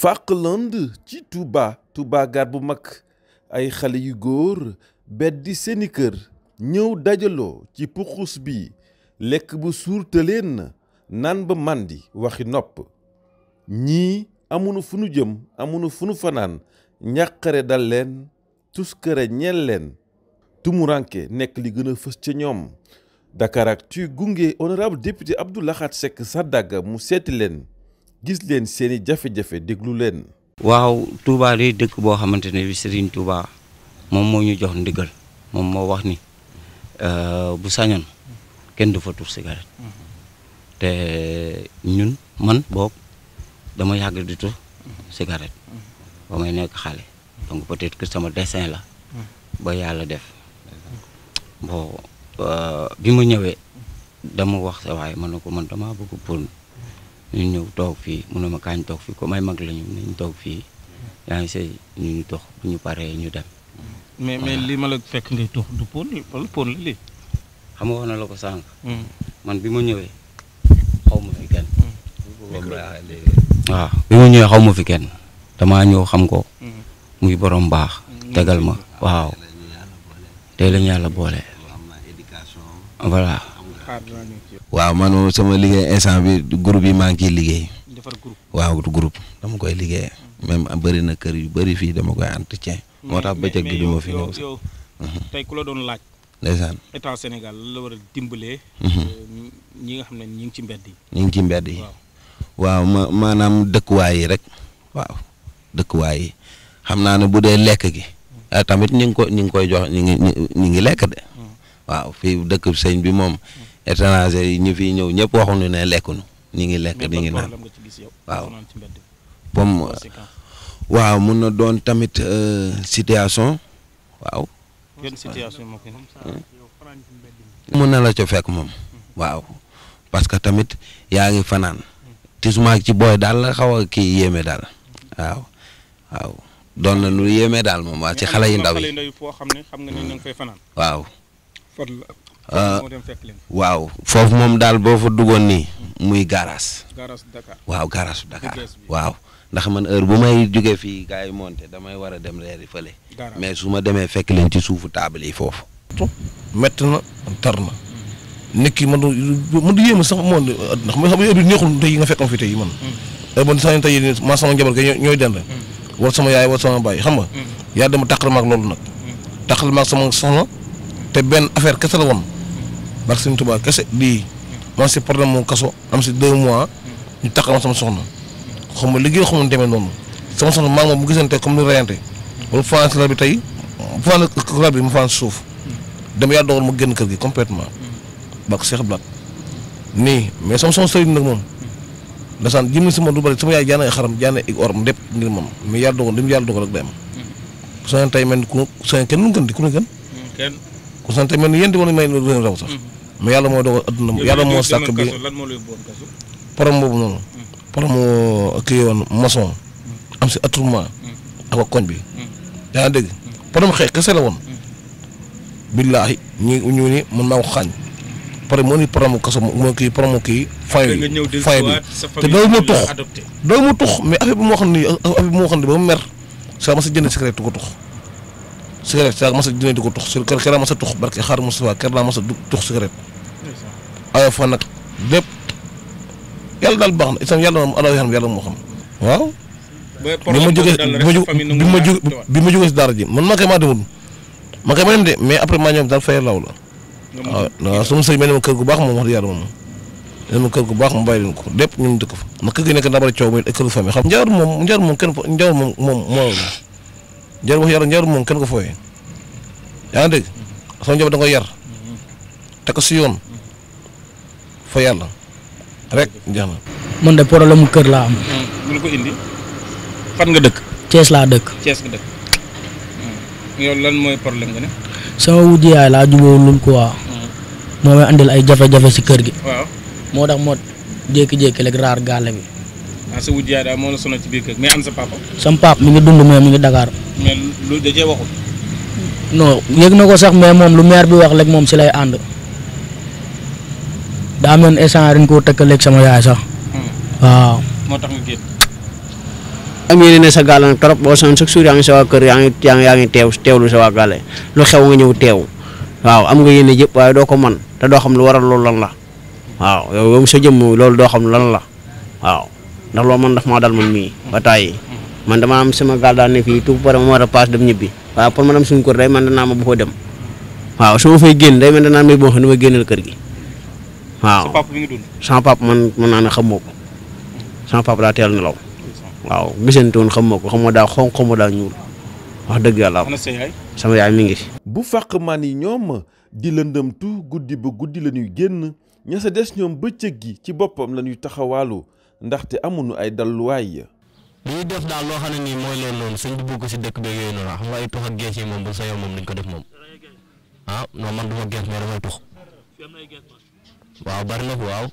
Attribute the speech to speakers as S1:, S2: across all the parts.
S1: Fàqland ci Touba Touba gaar bu mag ay xale yu góor di seeni kër ñëw dajaloo ci puxus bi lekk bu suur te leen naan ba màndi waxi nopp ñii amunu fu nu jëm amunu fu nu fanaan ñàqare dal leen tuskare ñeel leen tumuraanke nekk li gën a fës ca ñoom Dakaractu gunge honorable député Abdou Lahad Seck Sadaga mu seeti leen gis leen seeni jafe-jafe déglu leen.
S2: waaw Touba day dëkk boo xamante ne bi Serigne Touba moom moo ñu jox ndigal moom moo wax ni euh, bu sañoon kenn du fa tur cigarette te ñun man boog dama yàgg di tur cigarette ba may nekk xale donc peut-être que sama dessin la ba yàlla def bon euh, bi ma ñëwee dama wax sa waaye man ne ko man dama bëgg pour. ñu ñëw toog fii mu ne ma kañ toog fii comme ay mag lañu nañ toog fii yaa ngi ñu ñu dox ñu paree ñu dem. mais mais li ma la fekk ngay toog du pône li wala pône la lii. xam na la ko sànq. Hmm. man bi ma ñëwee xaw ma fi kenn. waaw hmm. ah, bi ma ñëwee xaw ma ko. Hmm. muy borom baax. tegal ma waaw. tey lañu yàlla boole.
S3: voilà. waaw man sama liggéey instant bi groupe yi maa ngi ciy liggéey. defar groupe waaw groupe dama koy liggéey. même bëri na kër yu bëri fii dama koy entretien. moo tax bëccëg gi du ma fi ñëw mhm. ku la doon laaj. ndeysaan
S4: état Sénégal la war a dimbalee. Mhm. Euh, nga xam ne ñi ngi ci mbedd yi.
S3: ñi ngi ci mbedd yi. waaw ma maanaam dëkkuwaay yi rek. waaw yi xam naa ne bu dee lekk gi. Mm. Ah, tamit ñi ngi ñi ngi koy jox ñi ngi ñi ngi lekk de. Mm. waaw fii dëkk sëñ bi moom. Mm. étranger yi ñu fi ñëw ñëpp waxuñu ne lekkuñu ñu ngi lekk ñu ngi naan waaw comme waaw mun na doon tamit euh, situation waaw.
S4: Hmm?
S3: mun na la ca fekk moom. waaw parce que tamit yaa ngi fanaan. tisuma ci booy daal xawa xaw kii yéeme daal. waaw waaw doon lu yéeme daal moom waa ci xale yu ndaw yi. waaw. Euh, waaw foofu moom daal boo fa duggoon nii hmm. muy garage waaw garage Dakar waaw ndax man heure bu may jógee fii gars yi monté damay war a dem reeri fële mais su ma demee fekk leen ci suufu taabal yi foofu
S5: mett na tar na nekki man man du yéema sax moom ndax ma xam heure bi neexul tey yi ma fi tey yi man hmm. heure man sax tey maa sama njaboot ñooy dend hmm. war sama yaay war sama baay xam nga yaa dama tàqal maag loolu nag tàqal maag sama soxna te benn affaire kese la woon barke Sëñ Tuubaa kese lii man si problème mu kaso am si deux mois ñu takk ma sama soxna xam nga liggéey xam nga noonu sama soxna maa ngi moom bi tey fanaan lal bi mu fanaan suuf dem yaa dogal mu génn kër gi complètement barke Seex Blaat nii mais sama soxna sëriñ nag moom dasaan jëm na si man du bëri sama yaay jaana ay xaram jaana ay oram lépp ngir moom mais yaa dogal li mu yaa dogal rek day am soo tey mel ku soo kenn nu gën di ku ne gën ku sant mel ni yéen di mën a may lu leen raw sax. Mm-hmm. mais yàlla moo dogal adduna yàlla moo sàkk bi problème boobu noonu. Mm-hmm. problème mu euh, kii woon maçon. Mm-hmm. am si attroupement. ak koñ bi. yaa ngi dégg problème xeex kese la woon. billaahi ñi ñu ni man maa ko xaañ. pare moo ni problème mu kaso moo kii problème kii. fay bi bi te dooy mu tux dooy mu tux mais affaire bi moo xam ne affaire bi moo xam ne ba mu mer saa ma si jënd secret tu ko tux cigarette sax mos a dinañ di ko tux si kër keroog mos a tux barke xaar Moustapha kër laa mos a tux cigarette. aywa fa nag lépp yàlla daal baax na itam yàlla moom ala yàlla moo xam waaw. bi ma jógee bi ma jógee bi ma jógee si daara ji man maa koy maa demul maa koy ma dem de mais après maa ñoom daal fayal law la. Ah, waaw waaw su ma sëñ ma ne ma kër gu baax moom wax dëgg yàlla moom. ne ma kër gu baax mu bàyyi leen ko lépp ñun dëkk fa ma kër gi nekk ndabal coow mooy kër famille xam njaar moom njaar moom kenn njaar moom moom moo jar wax yar jar mom ken ko foye ya ngi so sama da nga yar tak ko siyon fa rek jeex mon man de problème keur la am.
S4: Hmm, mu ko indi fan nga dëkk. ties la dëkk. ties nga dëkk hmm. yow lan moy problème nga ne.
S2: sama wujj yaay laa jubóolul quoi. Hmm. moo may andil ay jafé jafé ci keur gi.
S4: waaw moo tax moo jékki-jékki rek raar bi. ah sa wujj moo la sonal biir kër mais am sa papa.
S2: sam pap mi ngi dund mais mu ngi Dakar.
S4: mais lu da cee waxul.
S2: non yëg na ko sax mais moom lu meer bi wax rek moom si lay ànd. daa mel ni koo tëkkaleeg sama sax. Hmm. waaw. moo tax nga génn. ne sa gaal boo sonn chaque jour yaa ngi sa waa kër yaa ngi yaa ngi teew teewlu sa waa gaale lu xew nga ñëw teew waaw am nga yéene yëpp waaye doo ko man te doo xam lu waral loolu lan la waaw yow sa jëmm loolu doo xam lan la waaw. ndax lo man ndax maa dal man mi ba tàyyi man dama am sama gaal ne fi tu pare mo ra pass dem ñibi wa pour ma dem suñu kër day man dana ma bu ko dem wa su ma fay génn day man dana may bo xam ne ma génnal kër gi wa sama papa man mën naa ne xamoo sama papa daa teel nelaw waaw gisante woon xamoo ko xamoo daa xonq xamoo da ñuul wax deug yalla sama yaay mi ngi
S1: bu faq man ni ñom di lëndëm tu guddi ba guddi la ñuy génn ña sa gi ci bopam lañuy taxawalu ndaxte amuñu ay dalluwaay.
S2: ñuy def daal loo xam ne nii mooy loolu suñ bëgg ko si dëkk beeg yooyu noonu ah, xam nga ay tux ak gees yi moom bu sa yow moom dañ ko def moom ah non man du ma gees mais damay bari na ko waaw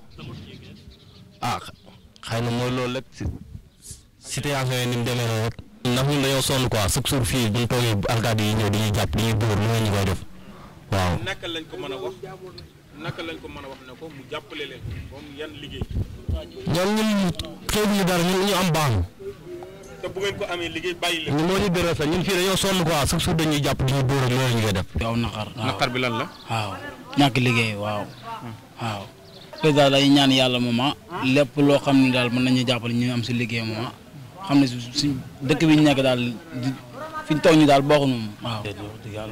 S2: ah, na mooy
S4: loolu rek situation yi ni mu demee fii bu ñu yi ñëw dañuy jàpp dañuy dóor def waaw.
S5: ñoom ñun xeebuñu dara ñun ñu am baax
S4: te bu ngeen ko amee
S5: ñu dërës ñun fii dañoo
S4: sonn quoi chaque jour dañuy jàpp di dóor ak loolu ñu koy def. waaw naqar bi lan la. waaw ñàkk liggéey waaw. waaw te daal dañuy ñaan yàlla moom ah, lépp loo xam ne daal mën nañu jàppale ñu am si liggéey moom ah. xam ne si dëkk bi ñu nekk daal fi ñu toog ñu daal bokk nañu waaw.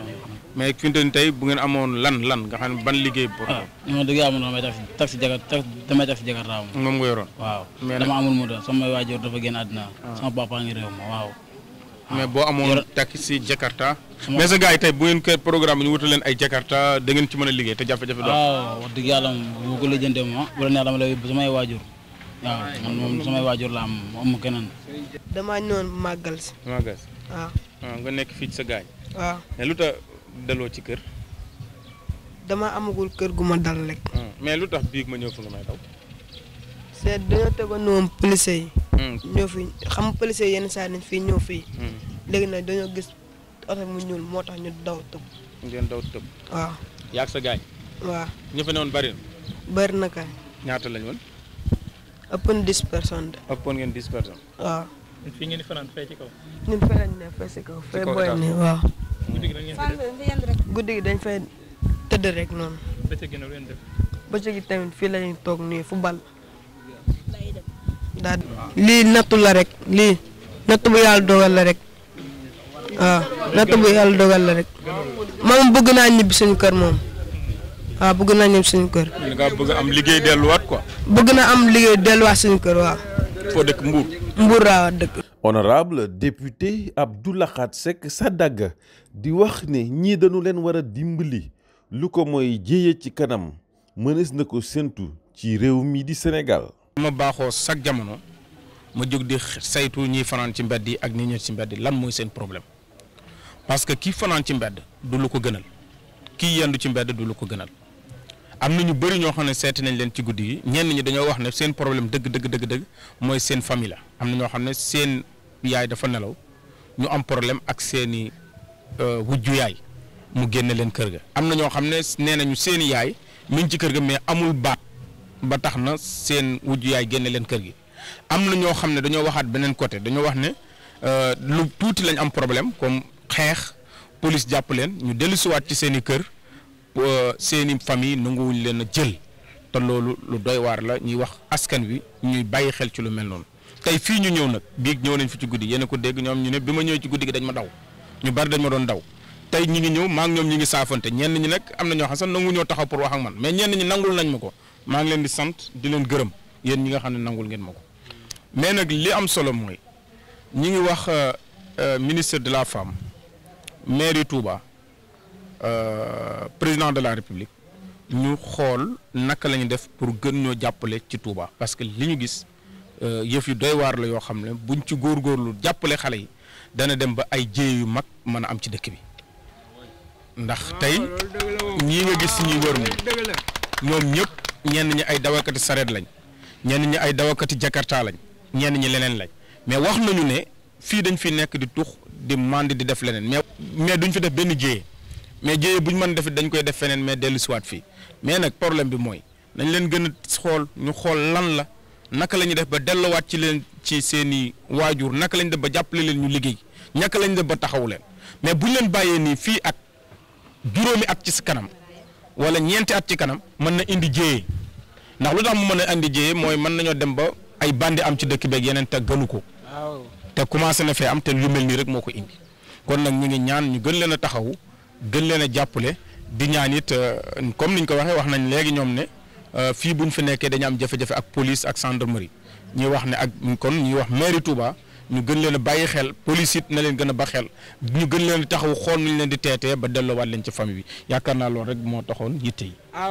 S4: mais Kounta tey bu ngeen amoon lan lan nga xam ban liggéey.
S2: waaw ah, non dëgg yàlla damay def taxi jaga damay def jakarta moom. moom nga yoroon waaw. mais dama amul moto sama waajur dafa génn àddina. Ah. sama
S4: mais boo ah. amoon taxi jakarta mais sa gars yi tey bu ngeen kër programme ñu wutal leen ay jakarta da ngeen ci mën a liggéey te jafe-jafe. waaw
S2: wax yàlla moom bu ko lijjantee ma wala neex dama lay samay waajur. waaw man moom samay waajur la am am keneen.
S3: damaa ñëwoon màggal si. si. waaw ah. ah, nga nekk fii ci sa gaañ. waaw ah.
S4: mais lu tax daloo ci kër.
S3: dama amagul kër gu ma dal rek.
S4: Hmm. mais lu tax biig ma ñëw fi nga may daw.
S3: seet dañoo tëbandoo am police yi.
S4: Hmm. ñëw fi
S3: xam police yi yenn saa yi dañu ñëw fii. Hmm. léegi nag dañoo gis oto mu ñuul moo tax ñu daw tëb. ngeen daw tëb. waaw. yaag sa gaañ. waaw
S4: ñu fa ne woon bari na. bari na kay. ñaata lañ woon.
S3: ëppoon dix personnes de.
S4: ngeen dix personnes. waaw. fi ngeen di fanaan fay ci kaw ñun
S3: fanaan ne fay ci kaw fay boy rek li gi dañ fay tëdd rek noonu bëccëg gi ngeen def bëccëg gi tamit la ñuy toog nii football daal lii rek lii nattu bu yàlla dogal la rek waaw nattu bu yàlla dogal la rek moom bëgg na ñibbi suñu kër moom waaw bëgg
S1: naa ñibbi suñu kër
S4: nga bëgg am liggéey quoi
S1: bëgg na am liggéey delluwaat suñu kër waaw foo dëkk Mbour laa dëkk. honorable député Abdou Lahad Seck Sadaga di wax ni ñii dañu leen war a dimbali lu ko mooy jéeye ci kanam mënees na ko séntu ci réew mi di Sénégal. ma baaxoo chaque jamono
S4: ma jóg di saytu ñiy fanaan ci mbedd yi ak ni ñu ci mbedd yi lan mooy seen problème parce que kii fanaan ci mbedd du lu ko gënal kii yendu ci mbedd du lu ko gënal. am na ñu bëri ñoo xam ne seeti nañ leen ci guddi gi ñenn ñi dañoo wax ne seen problème dëgg dëgg dëgg dëgg mooy seen famille la am na ñoo xam ne seen yaay dafa nelaw ñu am problème ak seeni euh, wujju yaay mu génne leen kër ga. am na ñoo xam ne nee nañu seeni yaay mi ci kër gi mais amul baat ba tax na seen wujju yaay génne leen kër gi am na ñoo xam ne dañoo waxaat beneen côté dañoo wax ne euh, lu tuuti lañ am problème comme xeex police jàpp leen ñu dellu dellusiwaat ci seeni kër. Euh, seeni famille nanguwuñ leen a jël te loolu lu doy waar la ñuy wax askan wi ñuy bàyyi xel ci lu mel noonu tey fii ñu ñëw nag biig ñëw nañ fi ci guddi yéen ko dégg ñoom ñu ne bi ma ñëwee ci guddi gi dañ ma daw ñu bari dañ ma doon daw tey ñi ngi ñëw maa ngi ñoom ñu ngi saafante ñenn ñi nag am na ñoo xam sax nangu ñoo taxaw pour wax ak man mais ñenn ñi nangul nañ ma ko maa ngi leen di sant di leen gërëm yéen ñi nga xam ne nangul ngeen ma ko mais nag li am solo mooy ñu ngi wax euh, euh, ministre de la femme mairie Touba Euh, président de la république ñu xool naka la ñu def pour gën ñoo jàppale ci Touba. parce que li ñu gis euh, yëf yu doy waar la yoo xam ne buñ ci góor góorgóorlu jàppale xale yi dana dem ba ay jéey yu mag mën a am ci dëkk bi ndax tey ñii nga gis ñuy wër moom ñoom ñëpp ñenn ñi ay dawakati sareet lañ ñenn ñi ay dawakati jakarta lañ ñenn ñi leneen lañ mais wax nañu ne fii dañ fi nekk di tux di màndi di def leneen mais mais duñ fi def benn jéey. mais jéyee bu ñu man def dañ koy def feneen mais dellu siwaat fii mais nag problème bi mooy nañ leen gën a xool ñu xool lan la naka la ñuy def ba delluwaat ci leen ci seen i waajur naka lañu def ba jàppale leen ñu liggéey ñaka lañ def ba taxawu leen mais bu ñu leen bàyyee nii fii ak juróomi at ci kanam wala ñeenti at ci kanam mën na indi jéyee ndax lu tax mu mën a indi jéyee mooy mën nañoo dem ba ay bandi am ci dëkk beeg yeneen te gënu ko te commencé na fee am te mel nii rek moo ko indi kon nag ñu ngi ñaan ñu gën leen a taxawu gën leen a jàppale di ñaan it euh, comme ñu ko waxee wax nañ léegi ñoom ne euh, fii buñ fi nekkee dañu am jafe-jafe ak police ak gendarmerie ñuy wax ne ak kon ñuy wax mairie Touba ñu gën leen a bàyyi xel police it na leen gën a ba xel ñu gën leen taxaw xool nuñ leen di teetee ba delloowaat leen ci famille bi yaakaar naa loolu rek moo taxoon yitte yi.
S2: Ah